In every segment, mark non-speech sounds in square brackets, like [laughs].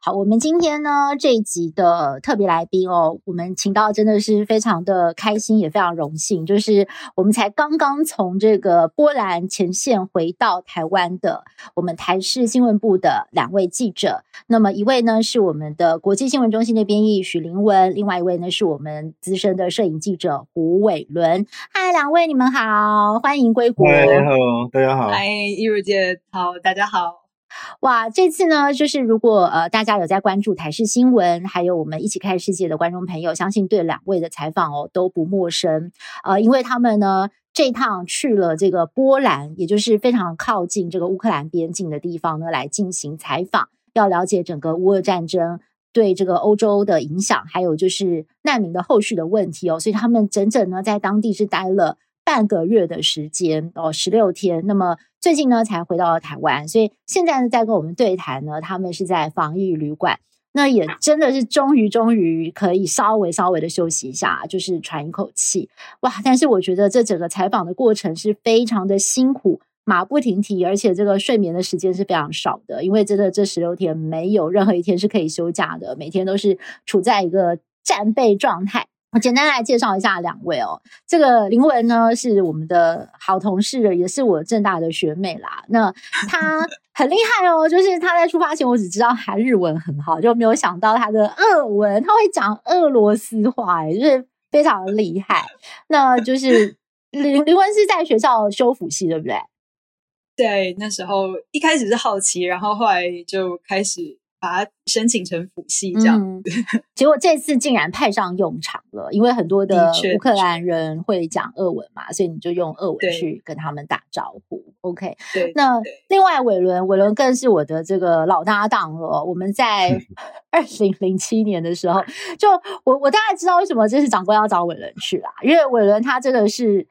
好，我們今天呢，這一集的特別來賓哦，我們請到真的是非常的開心，也非常榮幸，就是我們才剛剛從這個波蘭前線回到台灣的，我們台視新聞部的兩位記者，那麼一位呢是我們的國際新聞中心的編譯許齡文，另外一位呢是我們資深的攝影記者胡偉倫。嗨，兩位你們好，歡迎歸國。嗨，大家好。嗨，益如姐好，大家好。哇，這次呢，就是如果呃大家有在關注台視新聞，還有我們益起看世界的觀眾朋友，相信對兩位的採訪哦都不陌生，呃，因為他們呢這趟去了這個波蘭，也就是非常靠近這個烏克蘭邊境的地方呢，來進行採訪，要了解整個烏俄戰爭對這個歐洲的影響，還有就是難民的後續的問題哦，所以他們整整呢在當地是待了半個月的時間哦，十六天，那麼。最近呢才回到了台灣，所以現在呢在跟我們對談呢，他們是在防疫旅館，那也真的是終於終於可以稍微稍微的休息一下，就是喘一口氣。哇！但是我覺得這整個採訪的過程是非常的辛苦，馬不停蹄，而且這個睡眠的時間是非常少的，因為真的這十六天沒有任何一天是可以休假的，每天都是處在一個戰備狀態。我簡單來介紹一下兩位哦。這個齡文呢，是我們的好同事的，也是我政大的學妹啦。那他很厲害哦，就是他在出發前，我只知道她日文很好，就沒有想到他的俄文，他會講俄羅斯話、欸，哎，就是非常厲害。那就是齡齡文是在學校修輔系，對不對？對，那時候一開始是好奇，然後後來就開始。把它申請成輔系這樣，嗯，結果這次竟然派上用場了。因為很多的烏克蘭人會講俄文嘛，確所以你就用俄文去跟他們打招呼。對 OK，對那另外偉倫，偉倫更是我的這個老搭檔了。我們在二零零七年的時候， [laughs] 就我我大概知道為什麼這次長官要找偉倫去啦，啊，因為偉倫他真的是。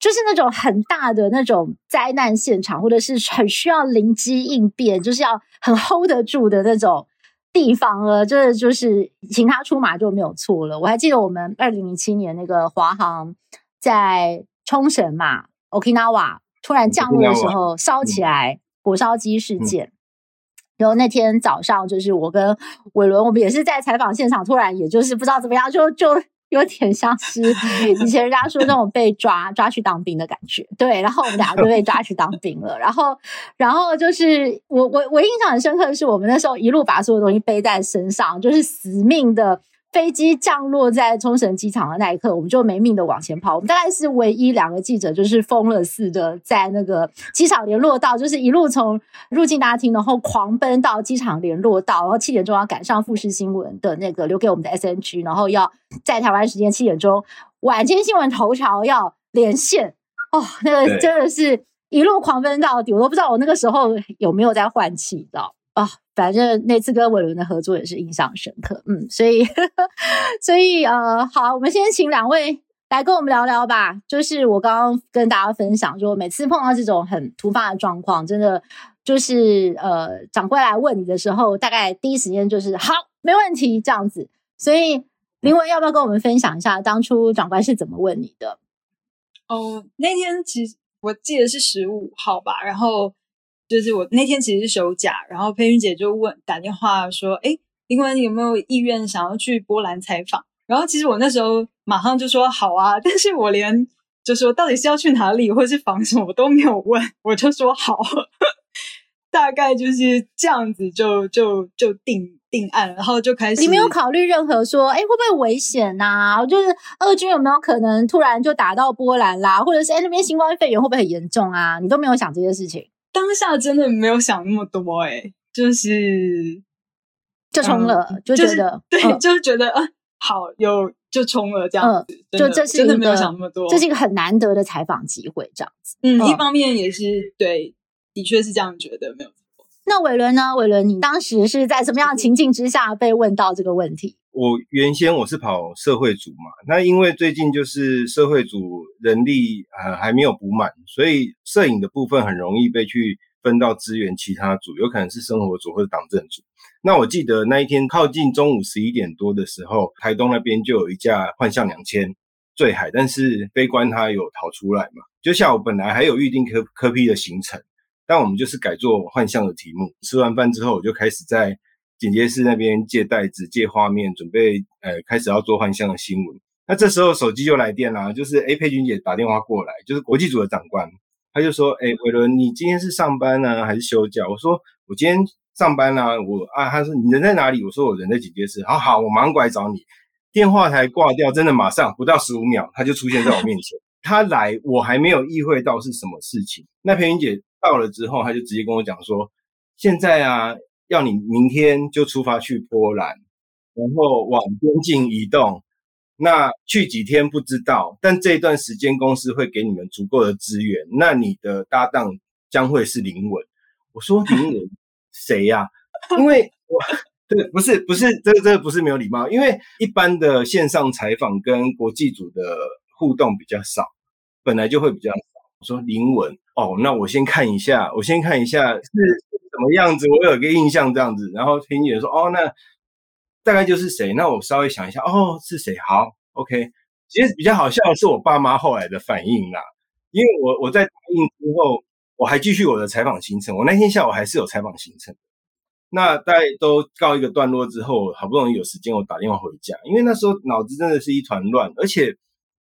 就是那種很大的那種災難現場，或者是很需要靈機應變，就是要很 hold 得、e、住的那種地方了。這就是請他出馬就沒有錯了。我還記得我們二零零七年那個華航在沖繩嘛，Okinawa、ok、突然降落的時候燒起來火、嗯、燒機事件，嗯、然後那天早上就是我跟偉倫，我們也是在採訪現場，突然也就是不知道怎麼樣就就。就有點像是以前人家說那種被抓 [laughs] 抓去當兵的感覺，對。然後我們倆都被抓去當兵了。 [laughs] 然後，然後就是我我我印象很深刻的是，我們那時候一路把所有東西背在身上，就是死命的。飛機降落在沖繩機場的那一刻，我們就沒命的往前跑。我們大概是唯一兩個記者，就是瘋了似的在那個機場聯絡道，就是一路從入境大廳，然後狂奔到機場聯絡道，然後七點鐘要趕上富士新聞的那個留給我們的 SNG，然後要在台灣時間七點鐘晚間新聞頭條要連線。哦，那個真的是一路狂奔到底，我都不知道我那個時候有沒有在換氣，知道啊。反正那次跟偉倫的合作也是印象深刻，嗯，所以 [laughs] 所以呃，好，我們先請兩位來跟我們聊聊吧。就是我剛剛跟大家分享，說每次碰到這種很突發的狀況，真的就是呃，長官來問你的時候，大概第一時間就是好，沒問題這樣子。所以齡文要不要跟我們分享一下當初長官是怎麼問你的？哦，那天其實我記得是十五號吧，然後。就是我那天其實是休假，然後佩雲姐就問打電話說：“哎，齡文，你有沒有意願想要去波蘭採訪？”然後其實我那時候馬上就說：“好啊！”但是我連就說到底是要去哪裡，或者是訪什麼我都沒有問，我就說：“好。 [laughs] ”大概就是這樣子就就就定定案，然後就開始。你沒有考慮任何說：“哎，會不會危險吶、啊？”就是俄軍有沒有可能突然就打到波蘭啦，或者是“哎，那邊新冠肺炎會不會很嚴重啊？”你都沒有想這些事情。當下真的沒有想那麼多，欸，哎，就是就衝了，嗯、就覺得、就是、對，嗯、就是覺得啊，好有就衝了這樣子，嗯、的就這是真的沒有想那麼多，這是一個很難得的採訪機會，這樣子，嗯，嗯一方面也是對，的確是這樣覺得，沒有錯。那偉倫呢？偉倫，你當時是在什麼樣的情境之下被問到這個問題？我原先我是跑社會組嘛，那因為最近就是社會組人力呃還沒有補滿，所以攝影的部分很容易被去分到支援其他組，有可能是生活組或者黨政組。那我記得那一天靠近中午十一點多的時候，台東那邊就有一架幻象兩千墜海，但是飛官他有逃出來嘛？就下午本來還有預定科科批的行程，但我們就是改做幻象的題目。吃完飯之後，我就開始在。剪接室那邊借帶子、借畫面，準備呃開始要做幻象的新聞。那這時候手機就來電了，就是誒佩君姐打電話過來，就是國際組的長官，他就說：哎，偉倫，你今天是上班呢？啊、還是休假？我說我今天上班啦，啊，我啊。他說你人在哪裡？我說我人在剪接室。好好，我馬上過來找你。電話才掛掉，真的馬上不到十五秒，他就出現在我面前。 [laughs] 他來，我還沒有意會到是什麼事情。那佩君姐到了之後，他就直接跟我講說：現在啊。要你明天就出發去波蘭，然後往邊境移動。那去幾天不知道，但這一段時間公司會給你們足夠的資源。那你的搭檔將會是齡文。我說齡文誰呀、 [laughs] 啊？因為我對，不是不是這個不是不是這個這個不是沒有禮貌，因為一般的線上採訪跟國際組的互動比較少，本來就會比較少。我說齡文哦，那我先看一下，我先看一下是什麼樣子？我有一個印象，這樣子。然後聽姐說，哦，那大概就是誰？那我稍微想一下，哦，是誰？好，OK。其實比較好笑的是我爸媽後來的反應啦，因為我我在答應之後，我還繼續我的採訪行程。我那天下午還是有採訪行程。那大概都告一個段落之後，好不容易有時間，我打電話回家，因為那時候腦子真的是一團亂，而且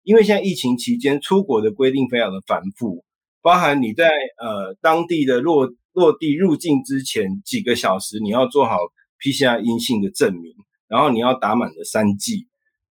因為現在疫情期間出國的規定非常的繁複，包含你在呃當地的落。落地入境之前幾個小時，你要做好 PCR 陰性的證明，然後你要打滿了三劑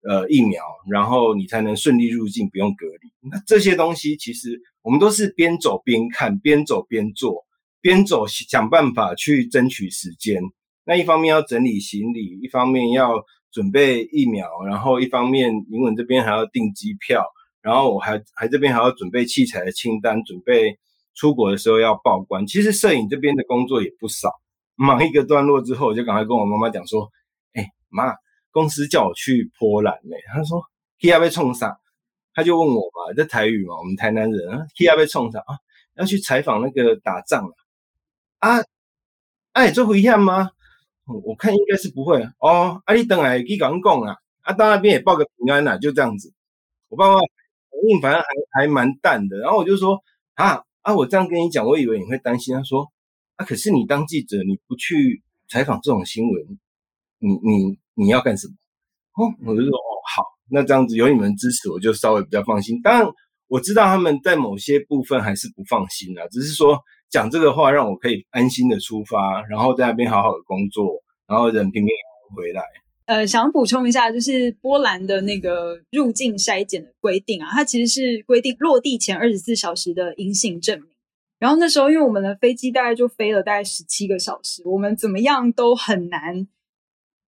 呃疫苗，然後你才能順利入境，不用隔離。那這些東西其實我們都是邊走邊看，邊走邊做，邊走想辦法去爭取時間。那一方面要整理行李，一方面要準備疫苗，然後一方面齡文這邊還要訂機票，然後我還還這邊還要準備器材的清單，準備。出國的時候要報關，其實攝影這邊的工作也不少。忙一個段落之後，我就趕快跟我媽媽講說：“誒、欸、媽，公司叫我去波蘭呢、欸。”她說：“去阿貝衝啥？”她就問我嘛，這台語嘛，我們台南人啊，“去阿貝衝啥啊？”要去採訪那個打仗了啊？哎、啊，會危險嗎？我看應該是不會哦。啊，你回來去講講啊，啊，到那邊也報個平安啦，就這樣子。我爸爸反應反正還還蠻淡的，然後我就說啊。啊，我這樣跟你講，我以為你會擔心。他說：“啊，可是你當記者，你不去採訪這種新聞，你你你要幹什麼？”哦，我就說：“哦，好，那這樣子有你們支持，我就稍微比較放心。當然，我知道他們在某些部分還是不放心啦，只是說講這個話，讓我可以安心的出發，然後在那邊好好的工作，然後人平平安安回來。”呃，想補充一下，就是波蘭的那個入境篩檢的規定啊，它其實是規定落地前二十四小時的陰性證明。然後那時候，因為我們的飛機大概就飛了大概十七個小時，我們怎麼樣都很難。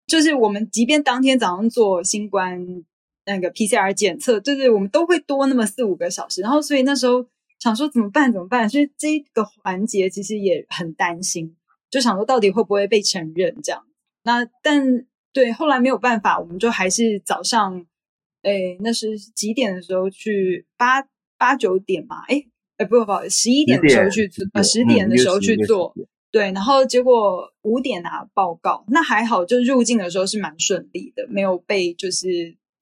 就是我們即便當天早上做新冠那個 PCR 檢測，對對，我們都會多那麼四五個小時。然後，所以那時候想說怎麼辦？怎麼辦？所以這個環節其實也很擔心，就想說到底會不會被承認這樣？那但。對，後來沒有辦法，我們就還是早上，哎，那是幾點的時候去？八八九點嘛？哎哎，不不好意思，十一點的時候去做，點啊、十點的時候去做。嗯、對，然後結果五點拿、啊、報告，那還好，就入境的時候是蠻順利的，沒有被就是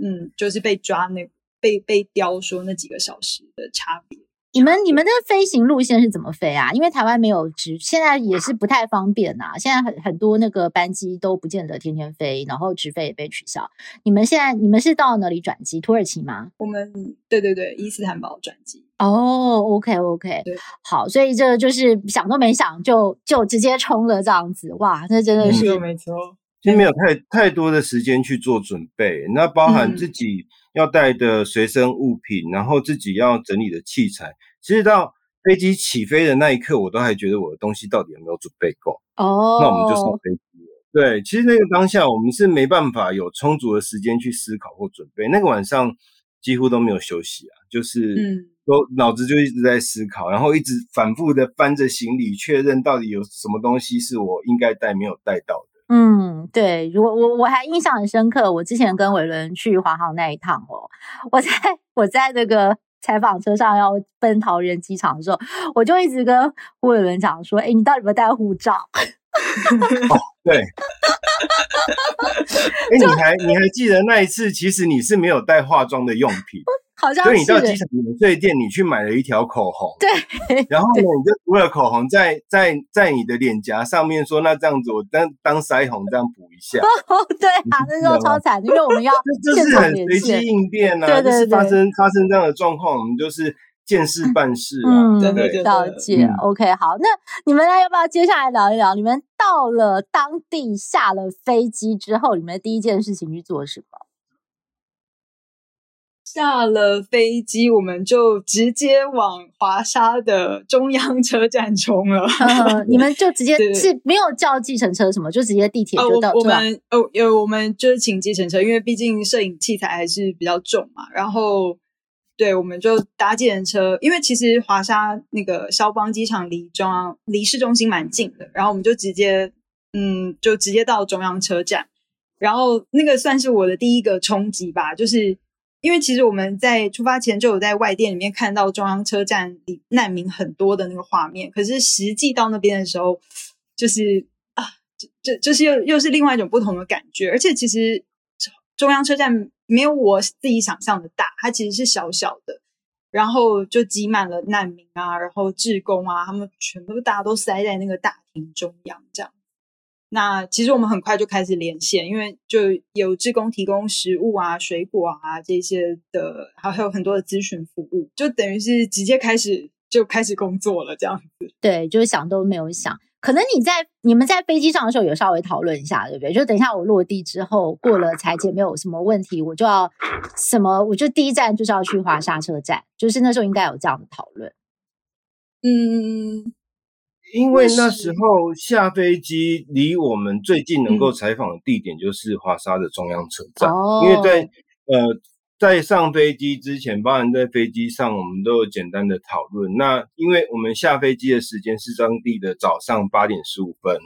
嗯，就是被抓那被被刁說那幾個小時的差別。你們你們的飛行路線是怎麼飛啊？因為台灣沒有直，現在也是不太方便啊。現在很很多那個班機都不見得天天飛，然後直飛也被取消。你們現在你們是到哪裡轉機？土耳其嗎？我們對對對，伊斯坦堡轉機。哦、oh,，OK OK，對好，所以這就是想都沒想就就直接衝了這樣子。哇，那真的是，其實、嗯、沒有太太多的時間去做準備，那包含自己。嗯要帶的隨身物品，然後自己要整理的器材，其實到飛機起飛的那一刻，我都還覺得我的東西到底有沒有準備夠。哦，oh. 那我們就上飛機了。對，其實那個當下我們是沒辦法有充足的時間去思考或準備。那個晚上幾乎都沒有休息啊，就是都腦子就一直在思考，嗯，然後一直反覆的翻着行李，確認到底有什麼東西是我應該帶沒有帶到的。嗯，對，我我我還印象很深刻，我之前跟偉倫去華航那一趟哦，我在我在那個採訪車上要奔桃園機場的時候，我就一直跟胡偉倫講說，誒，你到底有沒有帶護照？哦，對，誒 [laughs] 就，欸，你還你還記得那一次，其實你是沒有帶化妝的用品。好像是，所以你到機場免稅店，你去買了一條口紅，對，然後呢，你就塗了口紅在，對在在在你的臉頰上面說，那這樣子我當當腮紅這樣補一下， [laughs] 對啊，那時候超慘，因為我們要就是很隨機應變啊，對對對，發生發生這樣的狀況，我們就是見事辦事啊，真的道歉，OK，好，那你們呢，要不要接下來聊一聊，你們到了當地下了飛機之後，你們第一件事情去做什麼？下了飛機，我們就直接往華沙的中央車站衝了。嗯、 [laughs] 你們就直接是沒有叫計程車什麼，對就直接地鐵就到、哦、我、我們、啊、哦，有、呃、我們就是請計程車，因為畢竟攝影器材還是比較重嘛。然後，對，我們就搭計程車，因為其實華沙那個肖邦機場離中央離市中心蠻近的。然後我們就直接嗯，就直接到中央車站。然後那個算是我的第一個衝擊吧，就是。因為其實我們在出發前就有在外電裡面看到中央車站裡難民很多的那個畫面，可是實際到那邊的時候，就是啊，就就就是又又是另外一種不同的感覺，而且其實中央車站沒有我自己想象的大，它其實是小小的，然後就擠滿了難民啊，然後志工啊，他們全部大家都塞在那個大廳中央這樣。那其實我們很快就開始連線，因為就有志工提供食物啊、水果啊這些的，還有很多的諮詢服務，就等於是直接開始就開始工作了這樣子。對，就是想都沒有想，可能你在你們在飛機上的時候有稍微討論一下，對不對？就等一下我落地之後，過了採檢沒有什麼問題，我就要什麼，我就第一站就是要去華沙車站，就是那時候應該有這樣的討論。嗯。因為那時候下飛機，離我們最近能夠採訪的地點就是華沙的中央車站。因為在呃，在上飛機之前，包含在飛機上我們都有簡單的討論。那因為我們下飛機的時間是當地的早上八點十五分，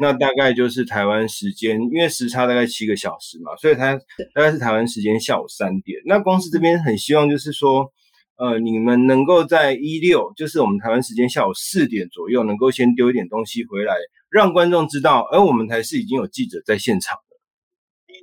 那大概就是台灣時間，因為時差大概七個小時嘛，所以他大概是台灣時間下午三點。那公司這邊很希望就是說。呃，你們能夠在一六，就是我們台灣時間下午四點左右，能夠先丟一點東西回來，讓觀眾知道，誒，我們台視已經有記者在現場了。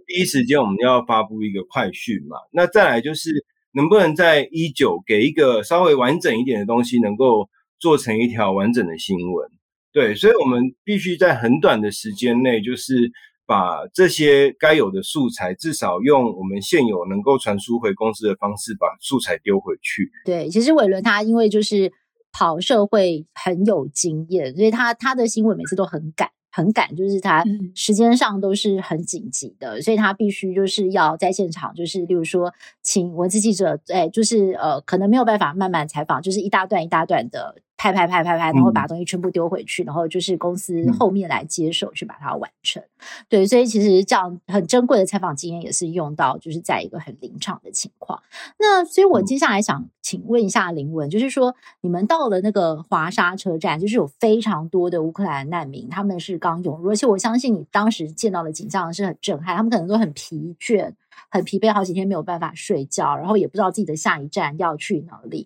第一時間我們要發布一個快訊嘛？那再來就是能不能在一九給一個稍微完整一點的東西，能夠做成一條完整的新聞？對，所以我們必須在很短的時間內，就是。把這些該有的素材，至少用我們現有能夠傳輸回公司的方式，把素材丟回去。對，其實偉倫他因為就是跑社會很有經驗，所以他他的新聞每次都很趕，很趕，就是他時間上都是很緊急的，嗯、所以他必須就是要在現場，就是例如說請文字記者，哎，就是呃可能沒有辦法慢慢採訪，就是一大段一大段的。拍拍拍拍拍，然後把東西全部丟回去，嗯、然後就是公司後面來接手去把它完成。對，所以其實這樣很珍貴的採訪經驗也是用到，就是在一個很臨場的情況。那所以我接下來想請問一下齡文，嗯、就是說你們到了那個華沙車站，就是有非常多的烏克蘭難民，他們是剛湧入，而且我相信你當時見到的景象是很震撼，他們可能都很疲倦，很疲憊，好幾天沒有辦法睡覺，然後也不知道自己的下一站要去哪裡，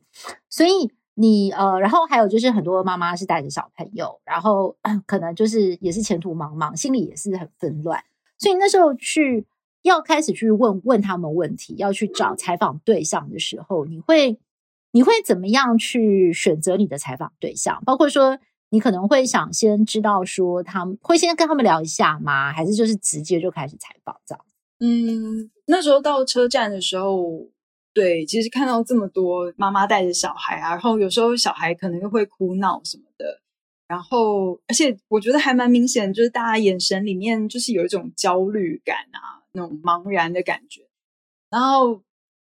所以。你呃，然後還有就是很多媽媽是帶着小朋友，然後可能就是也是前途茫茫，心裡也是很紛亂。所以那時候去要開始去問問他們問題，要去找採訪對象的時候，你會你會怎麼樣去選擇你的採訪對象？包括說你可能會想先知道說他們會先跟他們聊一下嗎？還是就是直接就開始採訪這樣？嗯，那時候到車站的時候。對，其實看到這麼多媽媽帶着小孩啊，然後有時候小孩可能又會哭鬧什麼的，然後而且我覺得還蠻明顯，就是大家眼神裡面就是有一種焦慮感啊，那種茫然的感覺。然後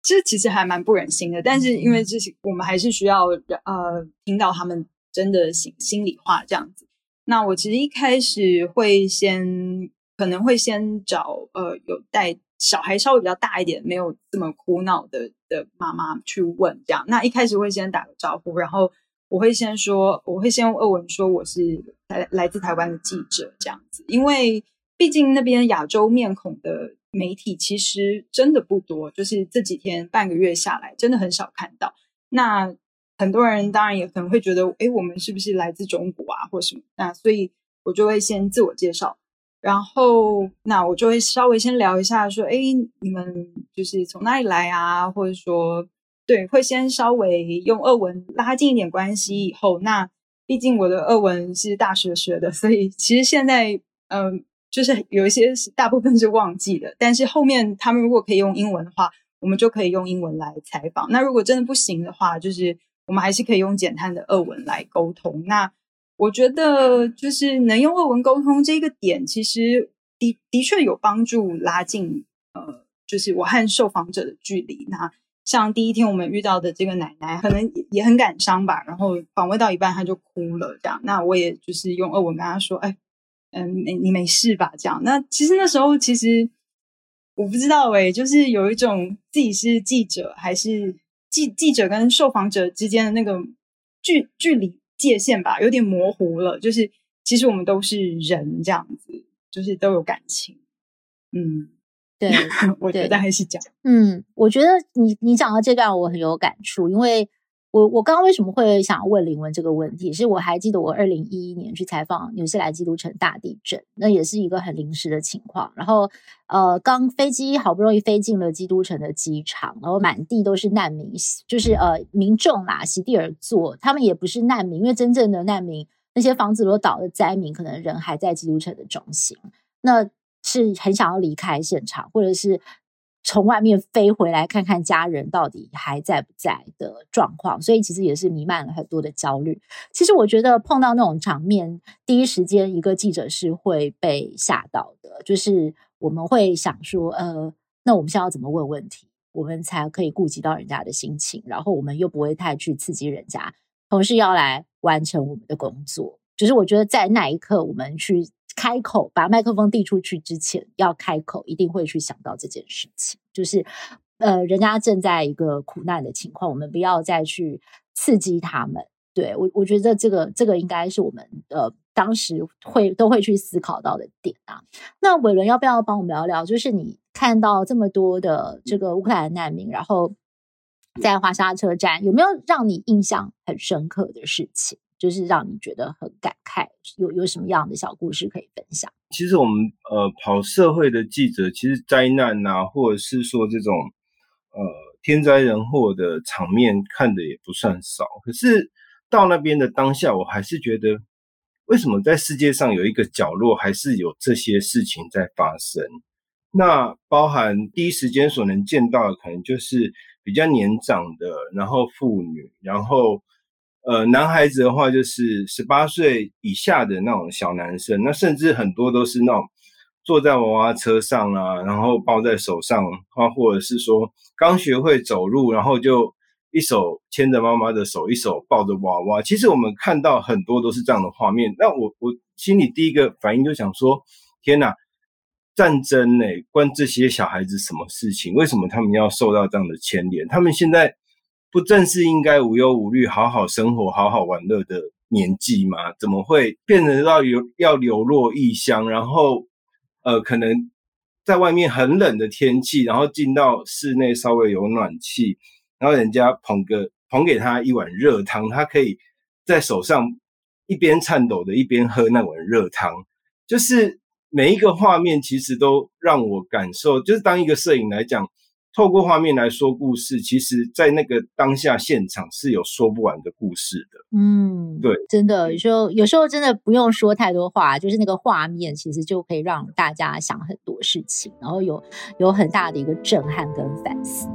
這其實還蠻不忍心的，但是因為這是我們還是需要呃聽到他們真的心心裡話這樣子。那我其實一開始會先可能會先找呃有帶。小孩稍微比較大一點，沒有這麼哭鬧的的媽媽去問這樣。那一開始會先打個招呼，然後我會先說，我會先用俄文說我是來來自台灣的記者這樣子，因為畢竟那邊亞洲面孔的媒體其實真的不多，就是這幾天半個月下來真的很少看到。那很多人當然也可能會覺得，誒，我們是不是來自中國啊，或什麼？那所以我就會先自我介紹。然後，那我就會稍微先聊一下，說，哎，你們就是從哪裡來啊？或者說，對，會先稍微用俄文拉近一點關係以後，那畢竟我的俄文是大學學的，所以其實現在，嗯，就是有一些是大部分是忘記了。但是後面他們如果可以用英文的話，我們就可以用英文來採訪。那如果真的不行的話，就是我們還是可以用簡單的俄文來溝通。那。我覺得就是能用俄文溝通這個點，其實的的，的確有幫助拉近呃，就是我和受訪者的距離。那像第一天我們遇到的這個奶奶，可能也很感傷吧，然後訪問到一半她就哭了，這樣。那我也就是用俄文跟她說：“哎，嗯、呃，你沒事吧？”這樣。那其實那時候其實我不知道哎，就是有一種自己是記者還是記記者跟受訪者之間的那個距距離。界限吧，有點模糊了。就是其實我們都是人，這樣子，就是都有感情。嗯，對， [laughs] 我覺得對還是講。嗯，我覺得你你講到這段我很有感觸，因為。我我剛剛為什麼會想要問齡文這個問題？是我還記得我二零一一年去採訪紐西蘭基督城大地震，那也是一個很臨時的情況。然後，呃，剛飛機好不容易飛進了基督城的機場，然後滿地都是難民，就是呃民眾嘛，席地而坐。他們也不是難民，因為真正的難民，那些房子都倒的災民，可能人還在基督城的中心，那是很想要離開現場，或者是。從外面飛回來看看家人到底還在不在的狀況，所以其實也是彌漫了很多的焦慮。其實我覺得碰到那種場面，第一時間一個記者是會被嚇到的，就是我們會想說，呃，那我們現在要怎麼問問題，我們才可以顧及到人家的心情，然後我們又不會太去刺激人家，同時要來完成我們的工作。只、就是我覺得在那一刻，我們去。開口把麥克風遞出去之前，要開口一定會去想到這件事情，就是，呃，人家正在一個苦難的情況，我們不要再去刺激他們。對，我，我覺得這個這個應該是我們呃當時會都會去思考到的點啊。那偉倫要不要幫我們聊聊？就是你看到這麼多的這個烏克蘭難民，然後在華沙車站，有沒有讓你印象很深刻的事情？就是讓你覺得很感慨，有有什麼樣的小故事可以分享？其實我們呃跑社會的記者，其實災難啊，或者是說這種呃天災人禍的場面看得也不算少。可是到那邊的當下，我還是覺得，為什麼在世界上有一個角落還是有這些事情在發生？那包含第一時間所能見到的，可能就是比較年長的，然後婦女，然後。呃，男孩子的話就是十八歲以下的那種小男生，那甚至很多都是那種坐在娃娃車上啊，然後抱在手上，或、啊、或者是說剛學會走路，然後就一手牽着媽媽的手，一手抱着娃娃。其實我們看到很多都是這樣的畫面，那我我心裡第一個反應就想說：天哪，戰爭呢、欸？關這些小孩子什麼事情？為什麼他們要受到這樣的牽連？他們現在？不正是應該無憂無慮、好好生活、好好玩樂的年紀嗎？怎麼會變得到有要流落異鄉，然後呃，可能在外面很冷的天氣，然後進到室內稍微有暖氣，然後人家捧個捧給他一碗熱湯，他可以在手上一邊顫抖的一邊喝那碗熱湯，就是每一個畫面其實都讓我感受，就是當一個攝影來講。透過畫面來說故事，其實，在那個當下現場是有說不完的故事的。嗯，對，真的，有時候有時候真的不用說太多話，就是那個畫面，其實就可以讓大家想很多事情，然後有有很大的一個震撼跟反思。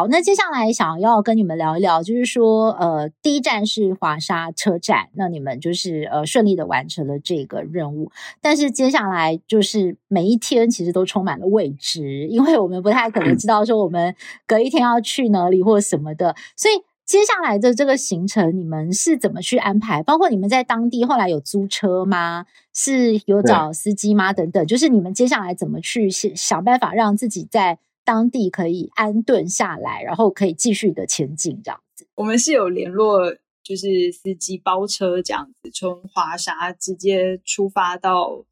好，那接下來想要跟你們聊一聊，就是說，呃，第一站是華沙車站，那你們就是呃順利的完成了這個任務。但是接下來就是每一天其實都充滿了未知，因為我們不太可能知道說我們隔一天要去哪裡或什麼的。所以接下來的這個行程，你們是怎麼去安排？包括你們在當地後來有租車嗎？是有找司機嗎？對等等，就是你們接下來怎麼去想辦法讓自己在。當地可以安頓下來，然後可以繼續的前進，這樣子。我們是有聯絡，就是司機包車這樣子，從華沙直接出發到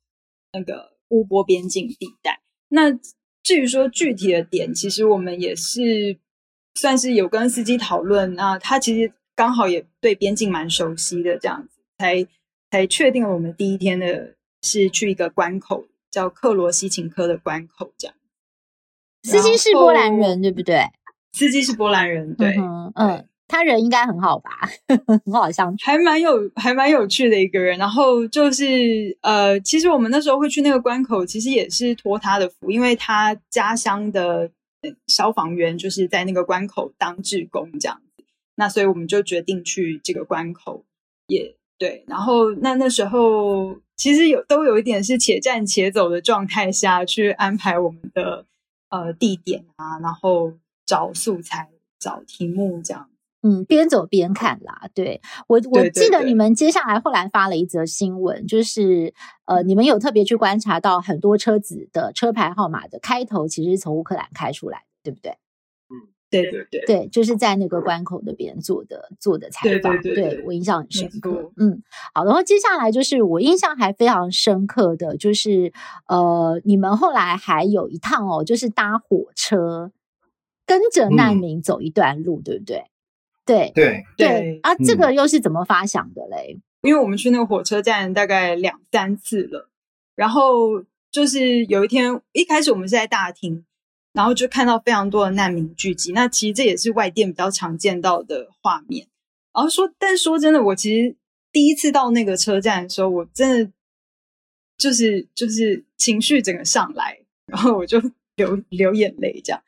那個烏波邊境地帶。那至於說具體的點，其實我們也是算是有跟司機討論，那他其實剛好也對邊境蠻熟悉的，這樣子才才確定了我們第一天的是去一個關口，叫克羅西琴科的關口，這樣。司機是波蘭人，後對不對？司機是波蘭人，對，嗯，嗯，對他人應該很好吧， [laughs] 很好相 [laughs] 處，還蠻有，還蠻有趣的一個人。然後就是，呃，其實我們那時候會去那個關口，其實也是托他的福，因為他家鄉的消防員就是在那個關口當志工這樣子，那所以我們就決定去這個關口。也對，然後那那時候其實有都有一點是且戰且走的狀態下去安排我們的。呃，地點啊，然後找素材、找題目這樣，嗯，邊走邊看啦。對，我我記得你們接下來後來發了一則新聞，對對對，就是呃，你們有特別去觀察到很多車子的車牌號碼的開頭，其實是從烏克蘭開出來的，對不對？對對對，對就是在那個關口那邊做的做的採訪，對、對、對、對、對，我印象很深刻。沒錯。嗯，好，然後接下來就是我印象還非常深刻的就是，呃，你們後來還有一趟哦，就是搭火車跟着難民走一段路，嗯、對不對？對對對。對對啊，嗯、這個又是怎麼發想的嘞？因為我們去那個火車站大概兩三次了，然後就是有一天，一開始我們是在大廳。然後就看到非常多的難民聚集，那其實這也是外電比較常見到的畫面。然、哦、後說，但說真的，我其實第一次到那個車站的時候，我真的就是就是情緒整個上來，然後我就流流眼淚，這樣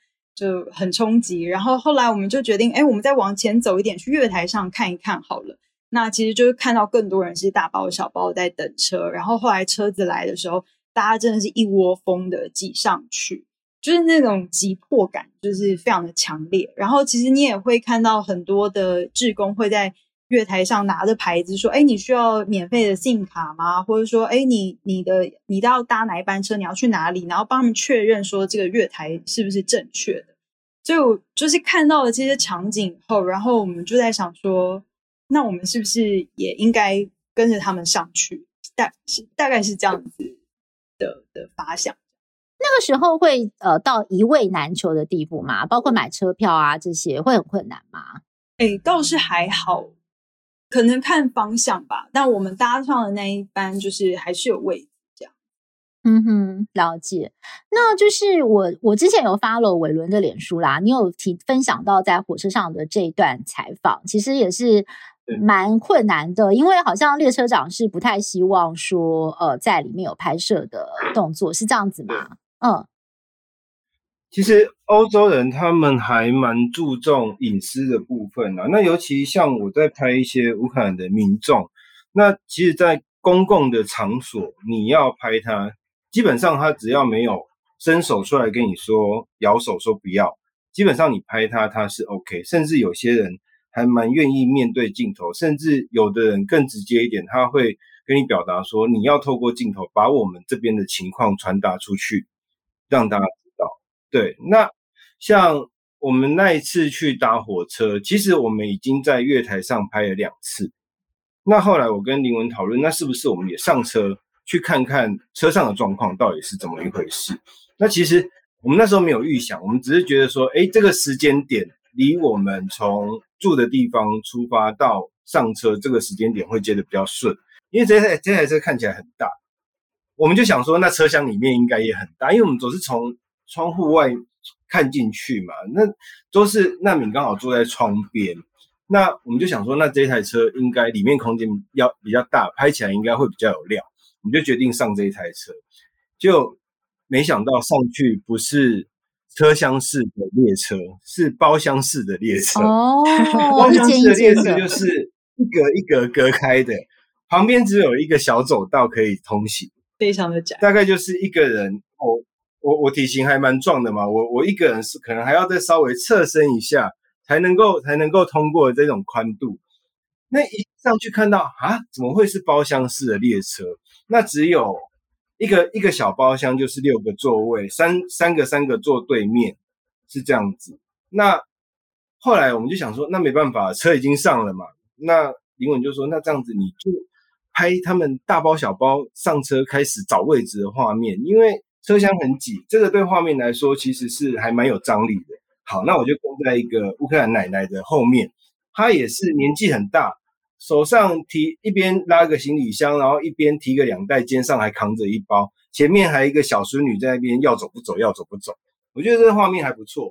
就很衝擊。然後後來我們就決定，哎，我們再往前走一點，去月台上看一看好了。那其實就是看到更多人是大包小包在等車。然後後來車子來的時候，大家真的是一窩蜂的擠上去。就是那種急迫感，就是非常的強烈。然後其實你也會看到很多的志工會在月台上拿着牌子說：“哎，你需要免費的 SIM 卡嗎？”或者說：“哎，你你的你的要搭哪一班車？你要去哪裡？”然後幫他們確認說這個月台是不是正確的。就，就是看到了這些場景以後，然後我們就在想說：“那我們是不是也應該跟着他們上去？”大概是大概是這樣子的的發想。那個時候會呃到一位難求的地步嗎？包括買車票啊這些會很困難嗎？哎，倒是還好，可能看方向吧。但我們搭上的那一班就是還是有位置這樣。嗯哼，了解。那就是我我之前有發了偉倫的臉書啦，你有提分享到在火車上的這一段採訪，其實也是蠻困難的，對因為好像列車長是不太希望說呃在裡面有拍攝的動作，是這樣子嗎？嗯，uh. 其實歐洲人他們還蠻注重隱私的部分啊，那尤其像我在拍一些烏克蘭的民眾，那其實，在公共的場所你要拍他，基本上他只要沒有伸手出來跟你說，搖手說不要，基本上你拍他他是 OK。甚至有些人還蠻願意面對鏡頭，甚至有的人更直接一點，他會跟你表達說，你要透過鏡頭把我們這邊的情況傳達出去。讓大家知道，對，那像我們那一次去搭火車，其實我們已經在月台上拍了兩次。那後來我跟齡文討論，那是不是我們也上車去看看車上的狀況到底是怎麼一回事？那其實我們那時候沒有預想，我們只是覺得說，哎，這個時間點離我們從住的地方出發到上車這個時間點會接得比較順，因為這台這台車看起來很大。我們就想說，那車廂裡面應該也很大，因為我們總是從窗戶外看進去嘛。那都是難民剛好坐在窗邊，那我們就想說，那這台車應該裡面空間要比較大，拍起來應該會比較有料。我們就決定上這一台車，就沒想到上去不是車廂式的列車，是包廂式的列車。哦， [laughs] 包廂式的列車就是一格一格隔開的，旁邊只有一個小走道可以通行。非常的窄的，大概就是一個人，我我我體型還蠻壯的嘛，我我一個人是可能還要再稍微側身一下，才能夠才能夠通過這種寬度。那一上去看到啊，怎麼會是包廂式的列車？那只有一個一個小包廂，就是六個座位，三三個三個坐對面是這樣子。那後來我們就想說，那沒辦法，車已經上了嘛。那齡文就說，那這樣子你就。拍他們大包小包上車開始找位置的畫面，因為車廂很擠，這個對畫面來說其實是還蠻有張力的。好，那我就跟在一個烏克蘭奶奶的後面，她也是年紀很大，手上提一邊拉個行李箱，然後一邊提個兩袋，肩上還扛着一包，前面還有一個小孫女在那邊要走不走，要走不走。我覺得這個畫面還不錯，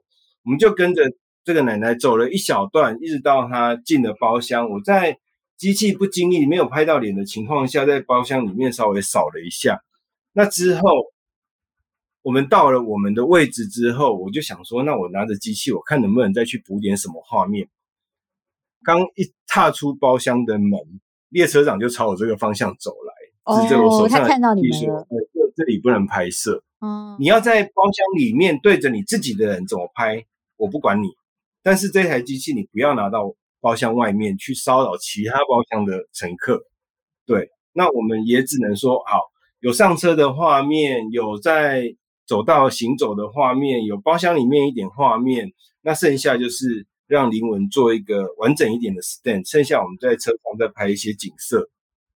我們就跟着這個奶奶走了一小段，一直到她進了包廂，我在。機器不經意，沒有拍到臉的情況下，在包廂裡面稍微掃了一下。那之後，我們到了我們的位置之後，我就想說，那我拿着機器，我看能不能再去補點什麼畫面。剛一踏出包廂的門，列車長就朝我這個方向走來，指着、哦、我手上的，他看到你們說、呃：“這裡不能拍攝，嗯、你要在包廂裡面對着你自己的人怎麼拍，我不管你。但是這台機器你不要拿到。”包廂外面去騷擾其他包廂的乘客，對，那我們也只能說好。有上車的畫面，有在走道行走的畫面，有包廂裡面一點畫面，那剩下，就是讓齡文做一個完整一點的 stand，剩下我們在車上再拍一些景色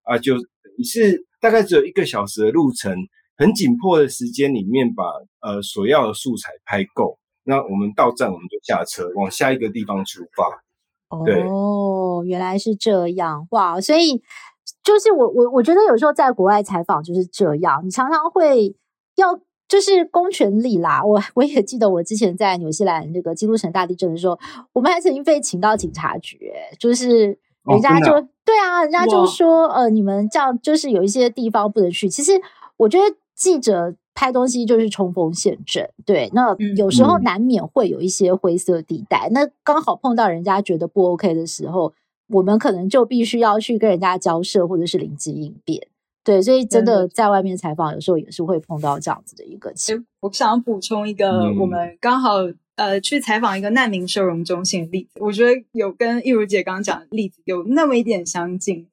啊。就你是大概只有一個小時的路程，很緊迫的時間裡面把呃所要的素材拍夠，那我們到站我們就下車，往下一個地方出發。哦，對原來是這樣哇！所以就是我我我覺得有時候在國外採訪就是這樣，你常常會要就是公權力啦。我我也記得我之前在紐西蘭那個基督城大地震的時候，我們還曾經被請到警察局，就是人家就、哦、對啊，人家就說哇呃，你們這樣，就是有一些地方不能去。其實我覺得記者。拍東西就是衝鋒陷陣，對。那有時候難免會有一些灰色地帶，嗯嗯、那剛好碰到人家覺得不 OK 的時候，我們可能就必須要去跟人家交涉，或者是臨機應變，對。所以真的在外面採訪，有時候也是會碰到這樣子的一個情況。嗯嗯、我想補充一個，我們剛好呃去採訪一個難民收容中心的例子，我覺得有跟益如姐剛剛講的例子有那麼一點相近，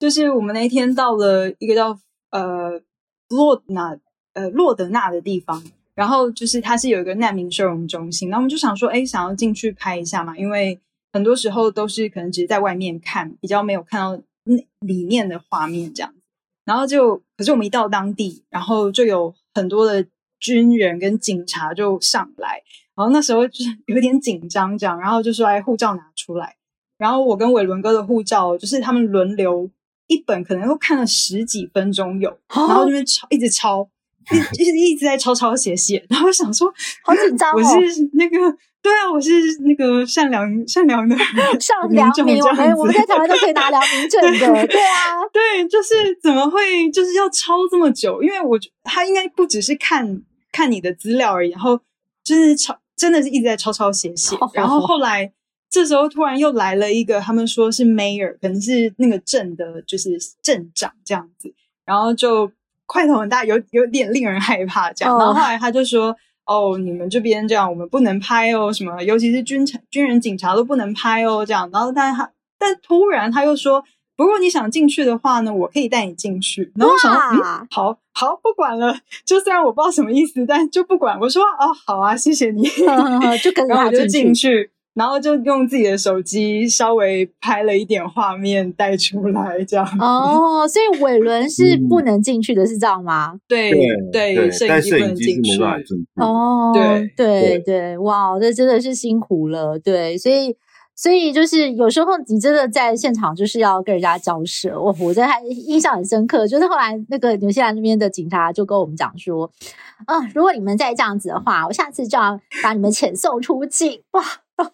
就是我們那天到了一個叫呃布洛納。呃，洛德納的地方，然後就是它是有一個難民收容中心，那我們就想說，哎，想要進去拍一下嘛，因為很多時候都是可能只是在外面看，比較沒有看到那裡面的畫面這樣。然後就，可是我們一到當地，然後就有很多的軍人跟警察就上來，然後那時候就是有點緊張這樣，然後就說，哎，護照拿出來。然後我跟偉倫哥的護照，就是他們輪流一本，可能又看了十幾分鐘有，哦，然後那邊抄，一直抄。一一直一直在抄抄寫寫，然後我想說好緊張、哦。我是那個對啊，我是那個善良善良的善 [laughs] 良民名，我們我們在台灣都可以打良民證的， [laughs] 對，對啊。對，就是怎麼會就是要抄這麼久？因為我他應該不只是看看你的資料而已，然後就是抄，真的是一直在抄抄寫寫。Oh、然後後來、oh、這時候突然又來了一個，他們說是 mayor，可能是那個鎮的，就是鎮長這樣子，然後就。塊頭很大，有有點令人害怕，這樣。然後後來他就說：“ oh. 哦，你們這邊這樣，我們不能拍哦，什麼，尤其是軍察、軍人、警察都不能拍哦，這樣。”然後但他，但突然他又說：“不過你想進去的話呢，我可以帶你進去。”然後我想說：“ Wow. 嗯，好，好，不管了。”就雖然我不知道什麼意思，但就不管。我說：“哦，好啊，謝謝你。”然後我就跟他進去。然後就用自己的手機稍微拍了一點畫面帶出來，這樣哦，所以偉倫是不能進去的，是這樣嗎？對、嗯、對，但攝影機是無法進去哦。對對對，哇，這真的是辛苦了。對，所以所以就是有時候你真的在現場就是要跟人家交涉。我我這還印象很深刻，就是後來那個紐西蘭那邊的警察就跟我們講說，啊、嗯，如果你們再這樣子的話，我下次就要把你們遣送出境。哇！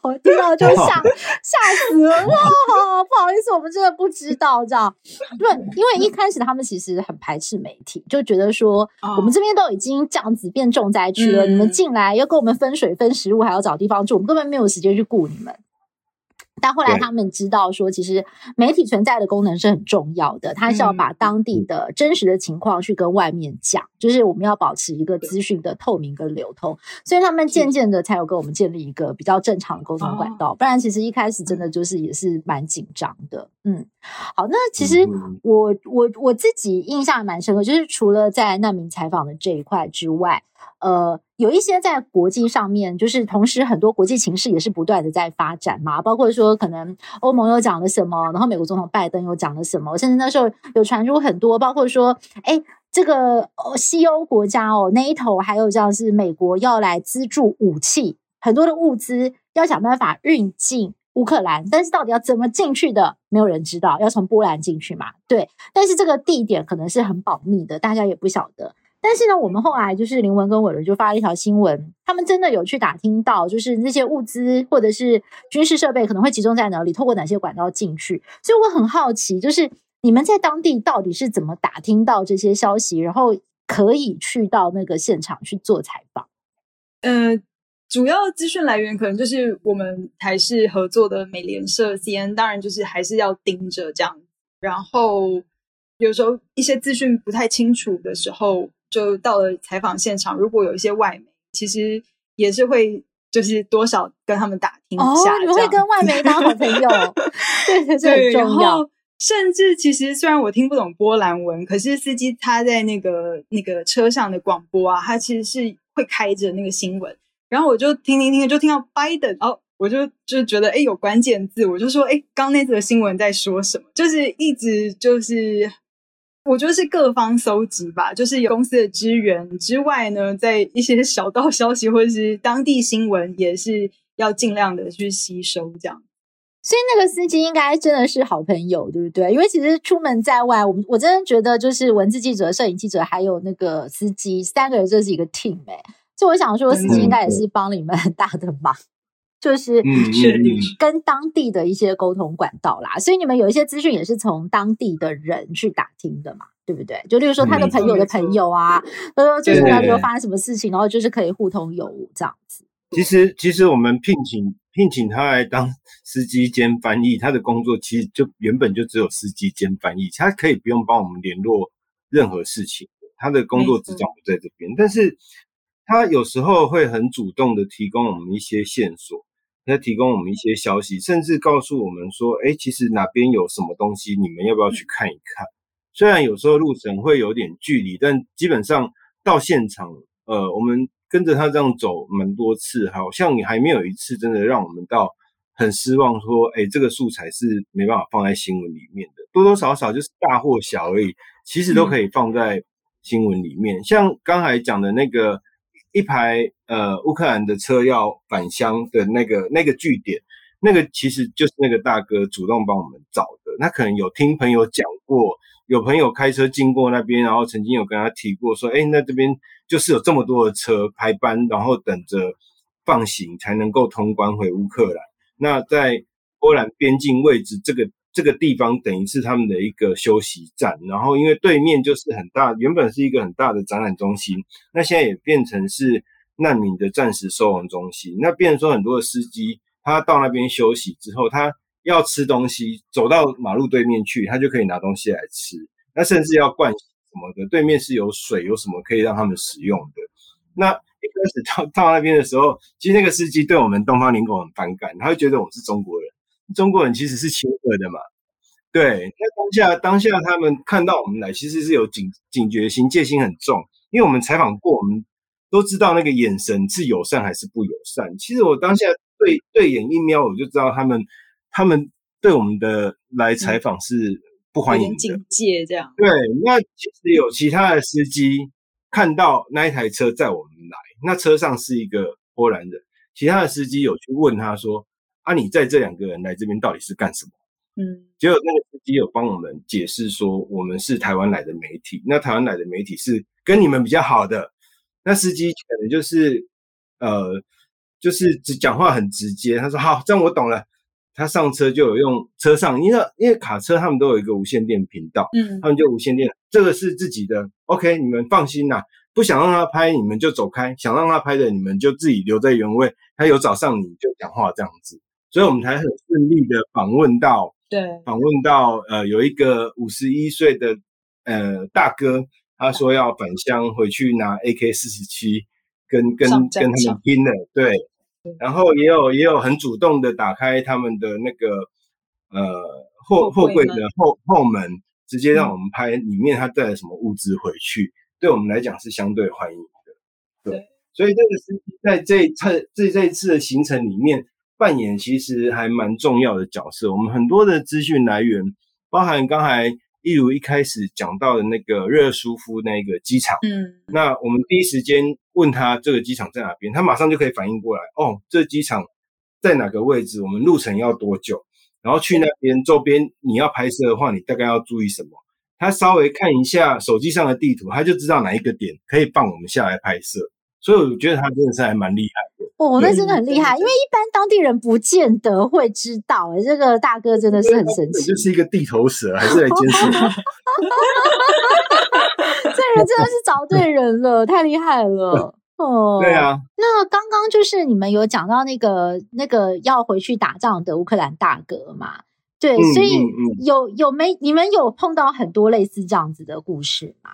哦、聽到就嚇嚇 [laughs] 死了、 [laughs] 哦！不好意思，我們真的不知道，知道？不， [laughs] 因為一開始他們其實很排斥媒體，就覺得說、哦、我們這邊都已經這樣子變重災區了，嗯、你們進來要跟我們分水、分食物，還要找地方住，我們根本沒有時間去顧你們。但後來他們知道說，其實媒體存在的功能是很重要的，它是要把當地的真實的情況去跟外面講，就是我們要保持一個資訊的透明跟流通，所以他們漸漸的才有跟我們建立一個比較正常的溝通管道，不然其實一開始真的就是也是蠻緊張的。嗯，好，那其實我我我自己印象蠻深刻，就是除了在難民採訪的這一塊之外。呃，有一些在國際上面，就是同時很多國際情勢也是不斷的在發展嘛，包括說可能歐盟又講了什麼，然後美國總統拜登又講了什麼，甚至那時候有傳出很多，包括說，哎，這個哦，西歐國家哦那頭還有像是美國要來資助武器，很多的物資要想辦法運進烏克蘭，但是到底要怎麼進去的，沒有人知道，要從波蘭進去嘛？對，但是這個地點可能是很保密的，大家也不曉得。但是呢，我們後來就是齡文跟偉倫就發了一條新聞，他們真的有去打聽到，就是那些物資或者是軍事設備可能會集中在哪裡，透過哪些管道進去。所以我很好奇，就是你們在當地到底是怎麼打聽到這些消息，然後可以去到那個現場去做採訪？嗯、呃，主要資訊來源可能就是我們還是合作的美聯社、先，當然就是還是要盯着這樣。然後有時候一些資訊不太清楚的時候。就到了採訪現場，如果有一些外媒，其實也是會，就是多少跟他們打聽一下。哦，你會跟外媒打好朋友，對對 [laughs] [laughs] 對，很重要，然後甚至其實雖然我聽不懂波蘭文，可是司機他在那個那個車上的廣播啊，他其實是會開着那個新聞，然後我就聽聽聽，就聽到 Biden，哦，我就就覺得哎、欸、有關鍵字，我就說哎剛、欸、那則新聞在說什麼，就是一直就是。我覺得是各方搜集吧，就是有公司的資源之外呢，在一些小道消息或者是當地新聞，也是要盡量的去吸收這樣。所以那個司機應該真的是好朋友，對不對？因為其實出門在外，我們我真的覺得就是文字記者、攝影記者還有那個司機三個人就是一個 team。誒，就我想說，司機應該也是幫了你們很大的忙。嗯 [laughs] 就是跟當地的一些溝通管道啦，所以你們有一些資訊也是從當地的人去打聽的嘛，對不對？就例如說他的朋友的朋友啊，嗯嗯啊、他說最近哪裡有發生什麼事情，然後就是可以互通有無這樣子。嗯嗯、其實，其實我們聘請聘請他來當司機兼翻譯，他的工作其實就原本就只有司機兼翻譯，他可以不用幫我們聯絡任何事情，他的工作職掌不在這邊。欸、是但是，他有時候會很主動的提供我們一些線索。他提供我們一些消息，甚至告訴我們說：“哎、欸，其實哪邊有什麼東西，你們要不要去看一看？”嗯、雖然有時候路程會有點距離，但基本上到現場，呃，我們跟着他這樣走蠻多次，好像還沒有一次真的讓我們到很失望，說：“哎、欸，這個素材是沒辦法放在新聞裡面的，多多少少就是大或小而已，其實都可以放在新聞裡面。嗯”像剛才講的那個。一排，呃，烏克蘭的車要返鄉的那個那個據點，那個其實就是那個大哥主動幫我們找的。他可能有聽朋友講過，有朋友開車經過那邊，然後曾經有跟他提過說，誒、欸，那這邊就是有這麼多的車排班，然後等着放行才能夠通關回烏克蘭。那在波蘭邊境位置，這個。這個地方等於是他們的一個休息站，然後因為對面就是很大，原本是一個很大的展覽中心，那現在也變成是難民的暫時收容中心。那變成說很多的司機，他到那邊休息之後，他要吃東西，走到馬路對面去，他就可以拿東西來吃。那甚至要灌什麼的，對面是有水、有什麼可以讓他們使用的。那一開始到到那邊的時候，其實那個司機對我們東方臉孔很反感，他會覺得我們是中國人。中國人其實是親俄的嘛，對。那當下當下，他們看到我們來，其實是有警警覺心、戒心很重。因為我們採訪過，我們都知道那個眼神是友善還是不友善。其實我當下對對眼一瞄，我就知道他們他們對我們的來採訪是不歡迎、嗯、警戒這樣。對。那其實有其他的司機看到那一台車載我們來，那車上是一個波蘭人，其他的司機有去問他說。啊，你載這兩個人來這邊到底是幹什麼？嗯，結果那個司機有幫我們解釋說，我們是台灣來的媒體，那台灣來的媒體是跟你們比較好的，那司機可能就是，呃，就是只講話很直接。他說好，這樣我懂了。他上車就有用車上，因為因為卡車他們都有一個無線電頻道，嗯，他們就無線電，這個是自己的。OK，你們放心啦，不想讓他拍你們就走開，想讓他拍的你們就自己留在原位，他有找上你就講話這樣子。所以，我們才很順利的訪問到，對，訪問到，呃，有一個五十一歲的呃大哥，他說要返鄉回去拿 AK 四十七，跟跟跟他們拼了，對，然後也有、嗯、也有很主動的打開他們的那個呃貨貨櫃的後後門，直接讓我們拍裡面他帶了什麼物資回去，嗯、對我們來講是相對歡迎的，對，對所以這個司機在這次在這這一次的行程裡面，扮演其實還蠻重要的角色。我們很多的資訊來源，包含剛才益如一開始講到的那個熱舒夫那個機場。嗯，那我們第一時間問他這個機場在哪邊，他馬上就可以反應過來。哦，這機場在哪個位置？我們路程要多久？然後去那邊周邊你要拍攝的話，你大概要注意什麼？他稍微看一下手機上的地圖，他就知道哪一個點可以放我們下來拍攝。所以我覺得他真的是還蠻厲害的哦，那真的很厲害，對因為一般當地人不見得會知道、欸。誒對這個大哥真的是很神奇，就是一個地頭蛇，還是來監視？ [laughs] [laughs] [laughs] 這人真的是找對人了， [laughs] 太厲害了！哦，對啊。那剛剛就是你們有講到那個那個要回去打仗的烏克蘭大哥嘛？對，嗯、所以有、嗯、有，有沒你們有碰到很多類似這樣子的故事嗎？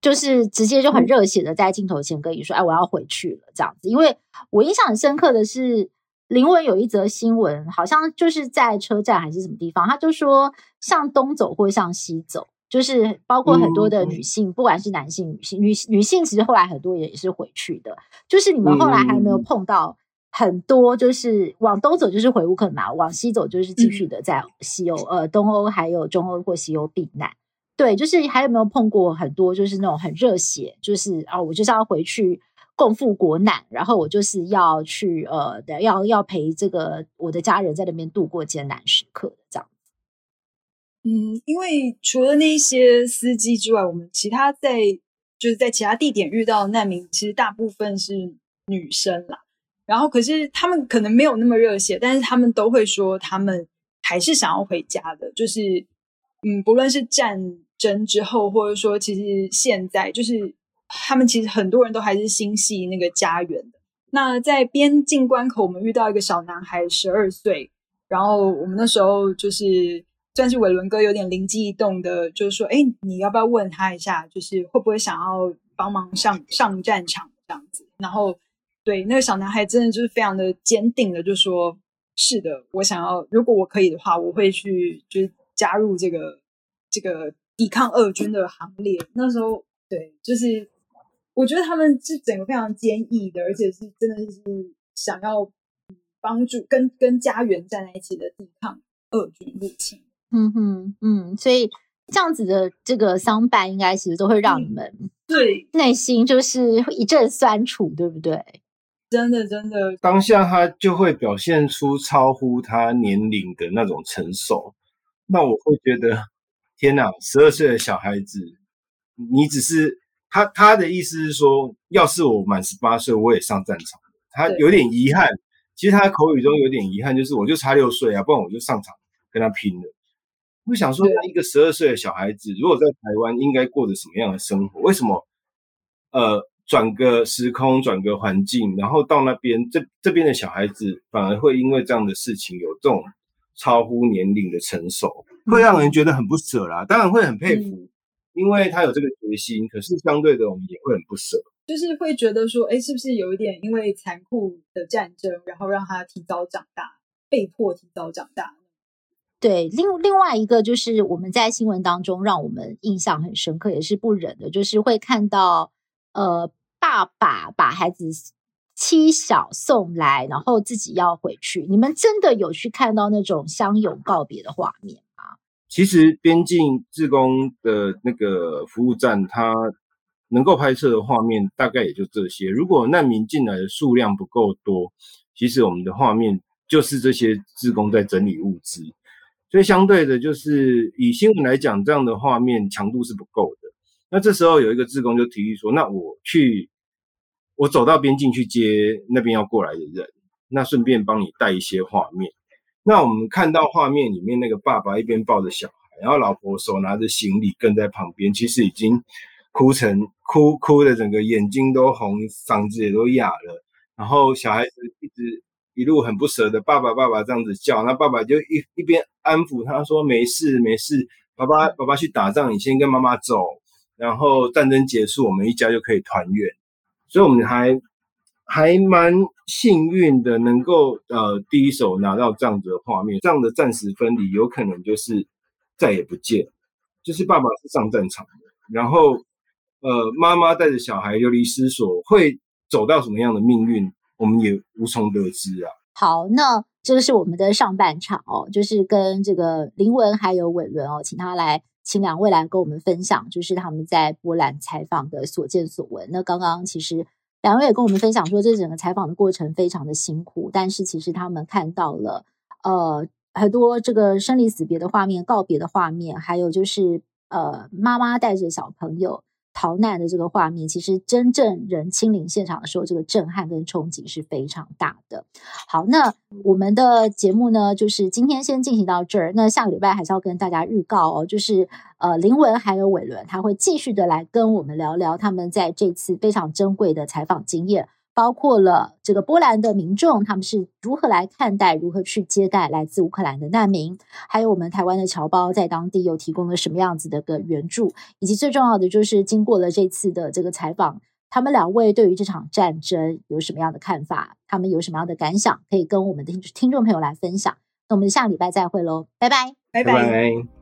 就是直接就很熱血的在鏡頭前跟你說：“嗯、哎，我要回去了。”這樣子，因為我印象很深刻的是，齡文有一則新聞，好像就是在車站還是什麼地方，他就說向東走或向西走，就是包括很多的女性，嗯嗯、不管是男性、女性、女女性，其實後來很多也是回去的。就是你們後來還沒有碰到很多？就是往東走就是回烏克蘭，往西走就是繼續的在西歐、嗯、呃東歐還有中歐或西歐避難。對，就是還有沒有碰過很多就是那種很熱血，就是啊、哦，我就是要回去共赴國難，然後我就是要去呃，要要陪這個我的家人在那邊度過艱難時刻，這樣子。嗯，因為除了那些司機之外，我們其他在就是在其他地點遇到難民，其實大部分是女生啦。然後，可是他們可能沒有那麼熱血，但是他們都會說他們還是想要回家的，就是嗯，不論是站。爭之後，或者說，其實現在就是他們，其實很多人都還是心繫那個家園的。那在邊境關口，我們遇到一個小男孩，十二歲，然後我們那時候就是算是偉倫哥有點靈機一動的，就是說，哎，你要不要問他一下，就是會不會想要幫忙上上戰場這樣子？然後，對那個小男孩，真的就是非常的堅定的，就說：是的，我想要，如果我可以的話，我會去，就是加入這個這個。抵抗俄軍的行列，那時候對，就是我覺得他們是整個非常堅毅的，而且是真的是想要幫助跟跟家園站在一起的抵抗俄軍入侵。嗯哼嗯，所以這樣子的這個相伴，應該其實都會讓你們對內心就是一陣酸楚，嗯、對,對不對？真的真的，真的當下他就會表現出超乎他年齡的那種成熟，那我會覺得。天吶，十二歲的小孩子，你只是他他的意思是說，要是我滿十八歲，我也上戰場。他有點遺憾，對其實他的口語中有點遺憾，就是我就差六歲啊，不然我就上場跟他拼了。我想說，一個十二歲的小孩子，如果在台灣應該過着什麼樣的生活？為什麼？呃，轉個時空，轉個環境，然後到那邊，這這邊的小孩子反而會因為這樣的事情有這種。超乎年齡的成熟，會讓人覺得很不舍啦。嗯、當然會很佩服，嗯、因為他有這個決心。可是相對的，我們也會很不舍，就是會覺得說，哎，是不是有一點因為殘酷的戰爭，然後讓他提早長大，被迫提早長大？對，另另外一個就是我們在新聞當中讓我們印象很深刻，也是不忍的，就是會看到，呃，爸爸把孩子死。妻小送來，然後自己要回去。你們真的有去看到那種相擁告別的畫面嗎？其實邊境志工的那個服務站，它能夠拍攝的畫面大概也就這些。如果難民進來的數量不夠多，其實我們的畫面就是這些志工在整理物資。所以相對的，就是以新聞來講，這樣的畫面強度是不夠的。那這時候有一個志工就提議說：“那我去。”我走到邊境去接那邊要過來的人，那順便幫你帶一些畫面。那我們看到畫面裡面那個爸爸一邊抱着小孩，然後老婆手拿着行李跟在旁邊，其實已經哭成哭哭得，整個眼睛都紅，嗓子也都啞了。然後小孩子一直一路很不捨地“爸爸，爸爸”這樣子叫，那爸爸就一一邊安撫他說：“沒事，沒事，爸爸爸爸去打仗，你先跟媽媽走。然後戰爭結束，我們一家就可以團圓。”所以，我們還還蠻幸運的，能夠呃第一手拿到這樣子的畫面。這樣的暫時分離，有可能就是再也不見。就是爸爸是上戰場的，然後呃媽媽帶着小孩流離失所，會走到什麼樣的命運，我們也無從得知啊。好，那這個是我們的上半場哦，就是跟這個齡文還有偉倫哦，請他來。請兩位來跟我們分享，就是他們在波蘭採訪的所見所聞。那剛剛其實兩位也跟我們分享說，這整個採訪的過程非常的辛苦，但是其實他們看到了呃很多這個生離死別的畫面、告別的畫面，還有就是呃媽媽帶着小朋友。逃難的這個畫面，其實真正人親臨現場的時候，這個震撼跟衝擊是非常大的。好，那我們的節目呢，就是今天先進行到這兒。那下個禮拜還是要跟大家預告哦，就是呃，齡文還有偉倫，他會繼續的來跟我們聊聊他們在這次非常珍貴的採訪經驗。包括了這個波蘭的民眾，他們是如何來看待、如何去接待來自烏克蘭的難民，還有我們台灣的僑胞在當地又提供了什麼樣子的個援助，以及最重要的就是經過了這次的這個採訪，他們兩位對於這場戰爭有什麼樣的看法，他們有什麼樣的感想，可以跟我們的聽眾朋友來分享。那我們下禮拜再會嘍，拜拜，拜拜。